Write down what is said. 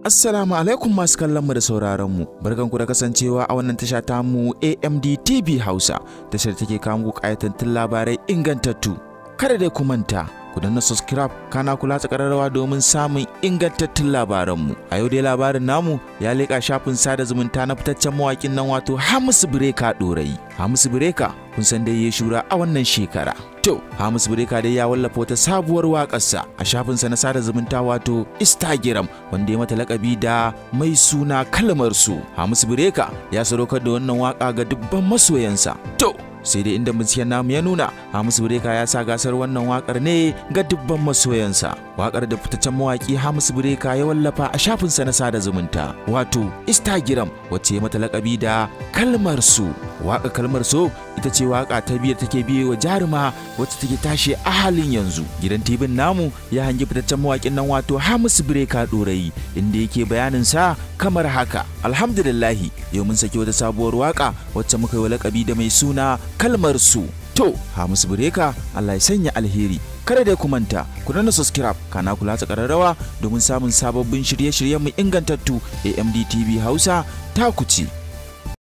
Assalamu alaikum masu kallon mu da sauraron mu. ku da kasancewa a wannan tasha ta mu AMD TV Hausa. Tashar take kawo muku kayatattun labarai ingantattu. Kada dai ku manta, ku danna subscribe kana kula tsakararrawa domin samun ingantattun labaranmu a yau dai labarin namu ya leƙa shafin sada zumunta na fitaccen mawaƙin nan wato Hamisu Breka Dorayi Hamisu Breka kun san dai ya shura a wannan shekara to Hamisu Breka dai ya wallafa wata sabuwar wakarsa a shafin sa na sada zumunta wato Instagram wanda ya mata lakabi da mai suna kalmar su Hamisu Breka ya sadaukar da wannan waka ga dubban masoyansa to sai dai inda binciken namu ya nuna Hamisu Bureka ya sa gasar wannan wakar ne ga dubban masoyansa wakar da fitaccen mawaki Hamisu Bureka ya wallafa a shafinsa na sada zumunta wato Instagram wacce mata lakabi da kalmar su Waka kalmar so ita ce waka ta biyar take biye wa jaruma wacce take tashi a halin yanzu gidan tibin namu ya hangi fitaccen mawakin nan wato hamis Breka Dorayi, inda yake bayanin sa kamar haka alhamdulillahi yau mun saki wata sabuwar waka wacce muka yi lakabi da mai suna kalmar so to hamis bireka allah ya sanya alheri kada da ku manta ku danna subscribe kana kula ta kararrawa domin samun sababbin shirye-shiryen mu ingantattu AMD TV Hausa ta ku kuce